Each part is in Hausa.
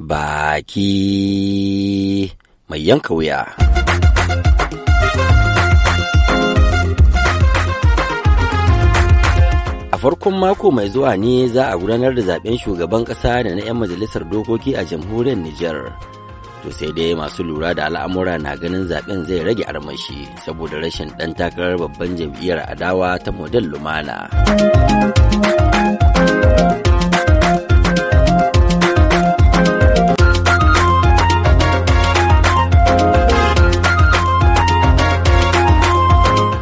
baki mai yanka wuya. A farkon mako mai zuwa ne za a gudanar da zaben shugaban ƙasa da na 'yan majalisar dokoki a jamhuriyar Nijar. To sai dai masu lura da al'amura na ganin zaben zai rage armashi saboda rashin ɗan takarar babban jam'iyyar adawa ta model Lumana.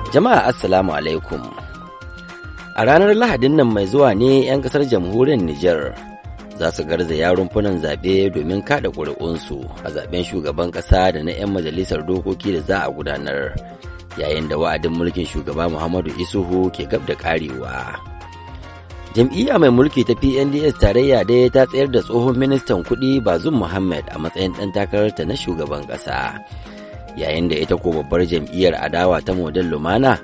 Jama'a Assalamu alaikum. A ranar Lahadin nan mai zuwa ne 'yan kasar jamhuriyar Nijar za su garzaya rumfunan zaɓe domin kada ƙuri'unsu a zaɓen shugaban ƙasa da na 'yan majalisar dokoki da za a gudanar yayin da wa'adin mulkin shugaba Muhammadu Isuhu ke gab da ƙarewa. Jam'iyya mai mulki ta PNDS tarayya dai ta tsayar da tsohon ministan kuɗi Bazum Muhammad a matsayin ɗan takararta na shugaban ƙasa. yayin da ita ko babbar jam'iyyar adawa ta model lumana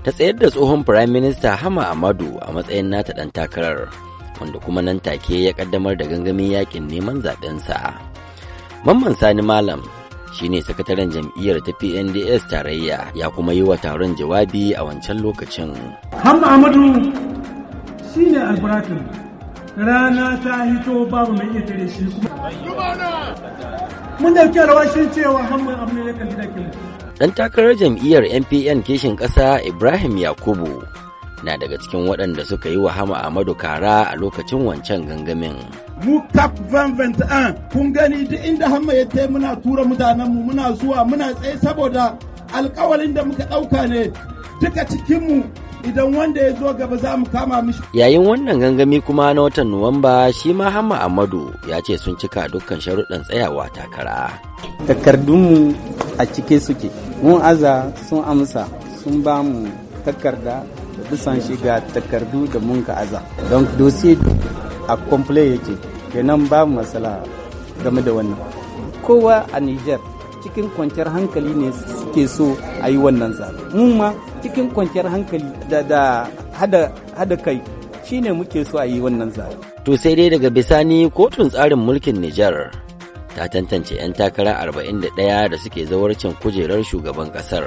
ta tsayar da tsohon firayim minista hama amadu a matsayin nata ɗan takarar wanda kuma nan take ya ƙaddamar da gangamin yakin neman zaɓen sa, mamman sani malam shine sakataren jam'iyyar ta pnds tarayya ya kuma yi wa taron jawabi a wancan lokacin hama amadu shine albatin rana ta hito babu mai iya tare shi kuma mun dauki alwashin cewa hamman abin da kan gida Dan takarar jam'iyyar NPN kishin ƙasa Ibrahim Yakubu na daga cikin waɗanda suka yi wa hama Ahmadu Kara a lokacin wancan gangamin. Mu kap 2021 kun gani duk inda hama ya ta muna tura mutanenmu muna zuwa muna tsaye saboda alkawalin da muka ɗauka ne duka cikinmu idan wanda ya zo gaba za mu kama mishi. Yayin wannan gangami kuma na watan Nuwamba shi ma Hamma Amadu ya ce sun cika dukkan sharuɗan tsayawa takara. Takardunmu a cike suke, mun aza sun amsa sun ba mu takarda da bisan shiga takardu da mun ka aza. Don dosi a komple yake, kenan ba mu matsala game da wannan. Kowa a niger cikin kwanciyar hankali ne suke so a yi wannan zaɓe. Mun ma cikin kwanciyar hankali da hada kai shine muke so a yi wannan zaɓe. To sai dai daga bisani kotun tsarin mulkin Nijar ta tantance 'yan takara 41 da suke zawarcin kujerar shugaban ƙasar.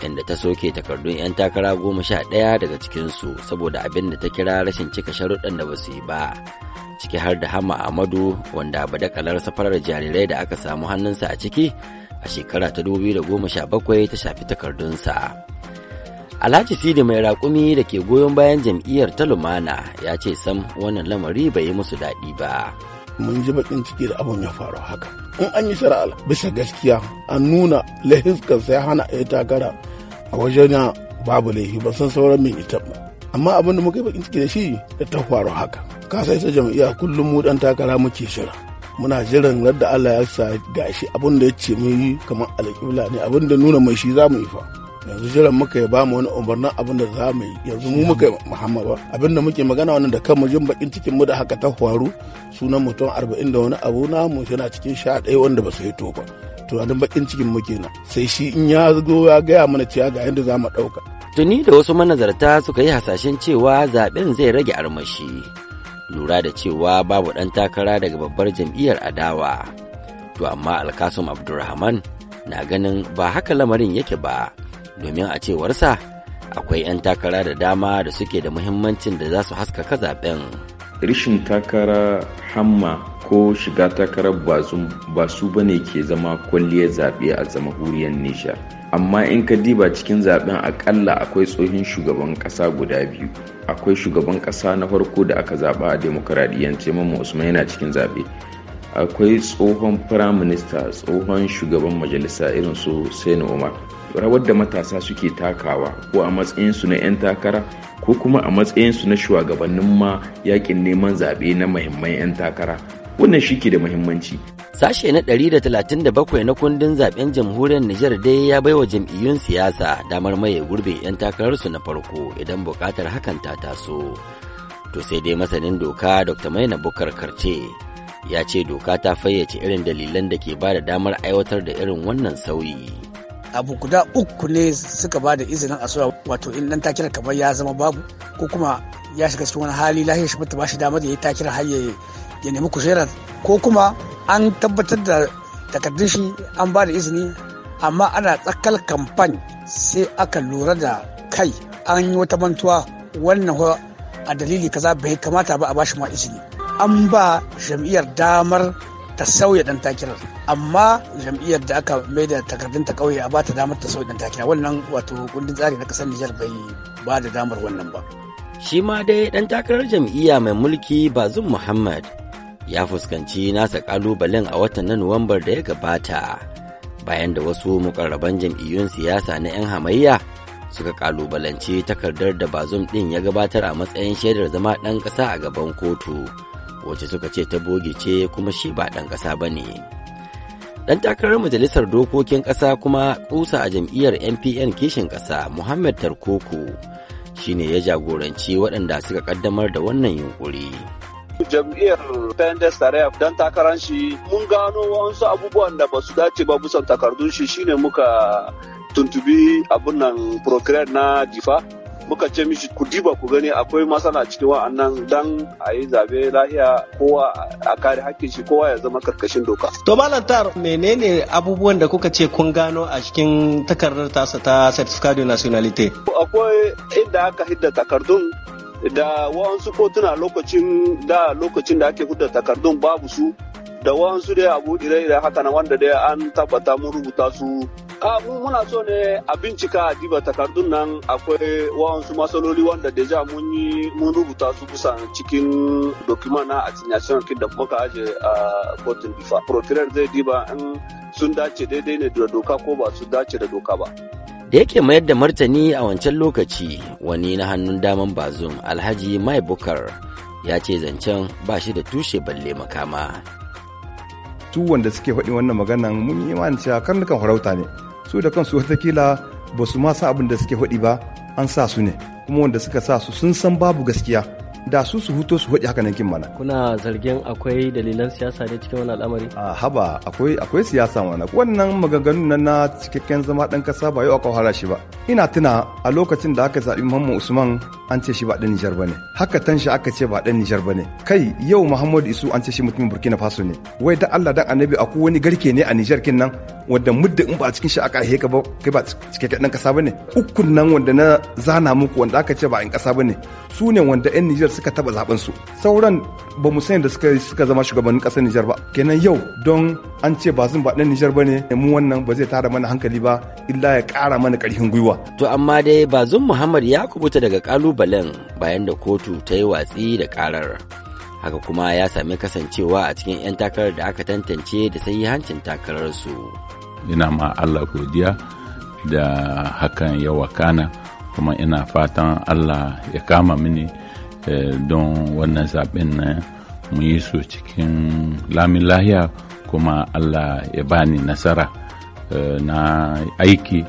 inda ta soke takardun 'yan takara goma ɗaya daga cikinsu saboda abin da ta kira rashin cika sharuɗan da ba su yi ba ciki har da hama amadu wanda badakalar safarar jarirai da aka samu hannunsa a ciki a shekara ta 2017 ta shafi takardunsa. Alhaji Sidi mai raƙumi da ke goyon bayan jam'iyyar ta Lumana ya ce sam wannan lamari bai yi musu daɗi ba. Mun ji baƙin ciki da abin ya faru haka. In an yi shari'a bisa gaskiya an nuna lahiskansa sai hana ya takara a wajen babu laifi ban san sauran mai ita ba. Amma abin da muka yi baƙin ciki da shi da ta faru haka. Ka sai ta jam'iyya kullum mu ɗan takara muke shira. Muna jiran yadda Allah ya sa gashi abin da ya ce mu yi kamar alƙibla ne abin da nuna mai shi za mu yi fa. yanzu jiran muka ya ba mu wani umarnin abin da za mu yi yanzu mu muka muhammad ba abin da muke magana wannan da kanmu jin bakin cikin mu da haka ta faru sunan mutum arba'in da wani abu namu yana cikin sha ɗaya wanda ba su yi to ba tunanin bakin cikin mu kenan sai shi in ya zo ya gaya mana cewa ga yadda za mu ɗauka. tuni da wasu manazarta suka yi hasashen cewa zaben zai rage armashi lura da cewa babu ɗan takara daga babbar jam'iyyar adawa to amma alkasum abdulrahman na ganin ba haka lamarin yake ba. domin a cewarsa akwai 'yan takara da dama da suke da muhimmancin da za su haskaka zaben. Rishin takara hamma ko shiga takarar basu ba ne ke zama kwalliyar zaɓe a zamahuriyar nisha Amma in ka diba cikin zaɓen akalla akwai tsohin shugaban ƙasa guda biyu. Akwai shugaban ƙasa na farko da aka zaɓa a demokaraɗiyyance Mamman Usman yana cikin zaɓe. Akwai tsohon firaminista tsohon shugaban majalisa irin su Sani Umar. rawar da matasa suke takawa ko a matsayinsu na 'yan takara ko kuma a matsayinsu na shugabannin ma yakin neman zaɓe na mahimman 'yan takara wannan shi ke da muhimmanci. Sashe na ɗari da da talatin bakwai na kundin zaben jamhuriyar Nijar dai ya baiwa jam'iyyun siyasa damar maye gurbe 'yan takararsu na farko idan bukatar hakan ta taso. To sai dai masanin doka Dr. Maina Bukar Karce ya ce doka ta fayyace irin dalilan da ke ba da damar aiwatar da irin wannan sauyi. abu guda uku ne suka ba da izinin a sura wato in dan takira kamar ya zama babu ko kuma ya shiga cikin wani hali lahiyar shi ba shi dama da ya takira har ya nemi kujerar ko kuma an tabbatar da takardun shi an ba da izini amma ana tsakal kamfan sai aka lura da kai an yi wata mantuwa wannan a dalili kaza bai kamata ba a ba shi ma izini an ba jam'iyyar damar ta sauya dan takirar amma jam'iyyar da aka mai da takardun ta kauye a ba ta damar ta sauya dan takirar wannan wato kundin tsari na kasar Nijar bai ba da damar wannan ba shi ma dai dan takarar jam'iyya mai mulki Bazum Muhammad ya fuskanci nasa kalubalen a watan na Nuwambar da ya gabata bayan da wasu mukarraban jam'iyyun siyasa na 'yan hamayya suka kalubalance takardar da bazum ɗin ya gabatar a matsayin shaidar zama ɗan ƙasa a gaban kotu. wacce suka ce ta boge ce kuma shi ba ɗan ƙasa ba ne. Ɗan takarar majalisar dokokin ƙasa kuma ƙusa a jam'iyyar NPN kishin ƙasa Muhammad Tarkoko shi ne ya jagoranci waɗanda suka ƙaddamar da wannan yunƙuri. jam'iyyar pendes tarayya don takarar shi mun gano wasu abubuwan da ba su dace ba busan takardun shi shine muka tuntubi abun nan procreate na jifa? muka ce mishi ku diba ku gani akwai masana cikin wa'annan dan a yi zabe lahiya kowa a kare hakkin shi kowa ya zama karkashin doka. To Malam Tar menene abubuwan da kuka ce kun gano a cikin takardar tasa ta de Nationalité? Akwai inda aka hidda takardun da wasu kotuna lokacin da lokacin da ake hudda takardun babu su da wasu dai abu ire-ire haka na wanda dai an tabbata mun rubuta su a muna so ne a bincika a diba takardun nan akwai wasu masaloli wanda deja mun yi mun rubuta su kusa cikin dokimana na assignation kin da muka aje a kotun difa procurer zai diba in sun dace daidai ne da doka ko ba su dace da doka ba da yake mayar da martani a wancan lokaci wani na hannun daman bazum alhaji mai bukar ya ce zancen ba shi da tushe balle makama tu wanda suke faɗi wannan maganan mun yi imani cewa karnukan farauta ne su da kansu watakila ba su ma sa abin da suke hudi ba an sa su ne kuma wanda suka sa su sun san babu gaskiya da su su huto su hoɗi haka nan kin mana kuna zargin akwai dalilan siyasa ne cikin wani al'amari a haba akwai akwai siyasa mana wannan maganganun nan na cikakken zama dan kasa ba yau aka fara shi ba ina tuna a lokacin da aka zaɓi Muhammad Usman an ce shi ba dan Nijar bane haka tan shi aka ce ba dan Nijar bane kai yau muhammadu Isu an ce shi mutumin Burkina Faso ne wai da Allah dan Annabi akwai wani garke ne a Nijar kin nan wanda muddin in ba a cikin shi aka heka ba kai ba cikakken dan kasa bane ukun nan wanda na zana muku wanda aka ce ba in kasa bane su ne wanda yan Nijar suka taba zaben su sauran ba mu sani da suka suka zama shugabannin kasar Nijar ba kenan yau don an ce ba zan ba dan Nijar bane mu wannan ba zai tara mana hankali ba illa ya kara mana karfin gwiwa to amma dai bazum Muhammad ya kubuta daga ƙalubalen, bayan da kotu ta yi watsi da karar haka kuma ya sami kasancewa a cikin 'yan takarar da aka tantance da sahihancin takararsu. ina ma Allah godiya da hakan ya wakana kuma ina fatan Allah ya kama mini Eh, don wannan zaɓen na mu yi su cikin lamin lahiya kuma allah ya bani nasara eh, na aiki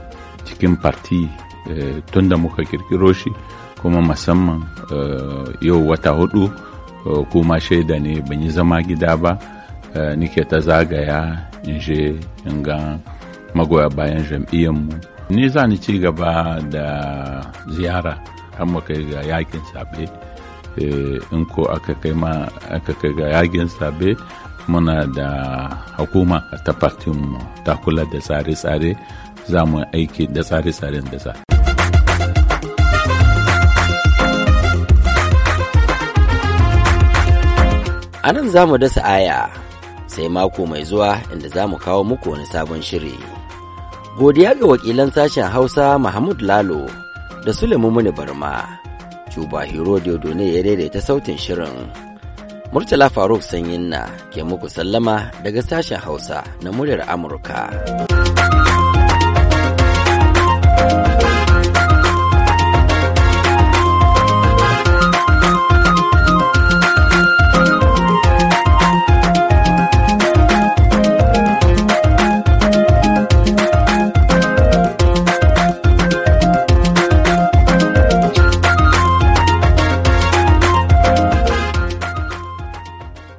cikin parti eh, tun muka kirkiro shi kuma musamman yau wata hudu kuma shaida ne ban yi zama gida ba nike ta zagaya in je in ga magoya bayan mu. ni za ni ci gaba da ziyara har mu kai ga yakin zaɓe Eh, in ko aka kai ma aka kai ga yagin sabe muna da hukuma ta mu ta kula da tsare-tsare za mu aiki da tsare-tsaren da za. A nan za mu dasa aya sai mako mai zuwa inda za mu kawo muku wani sabon shiri. Godiya ga wakilan sashen Hausa Mahmud Lalo da Sulemu Muni Barma. Juba Hero ne ya daidaita sautin shirin. Murtala Faruk Sanyin na ke muku sallama daga sashen Hausa na muryar Amurka.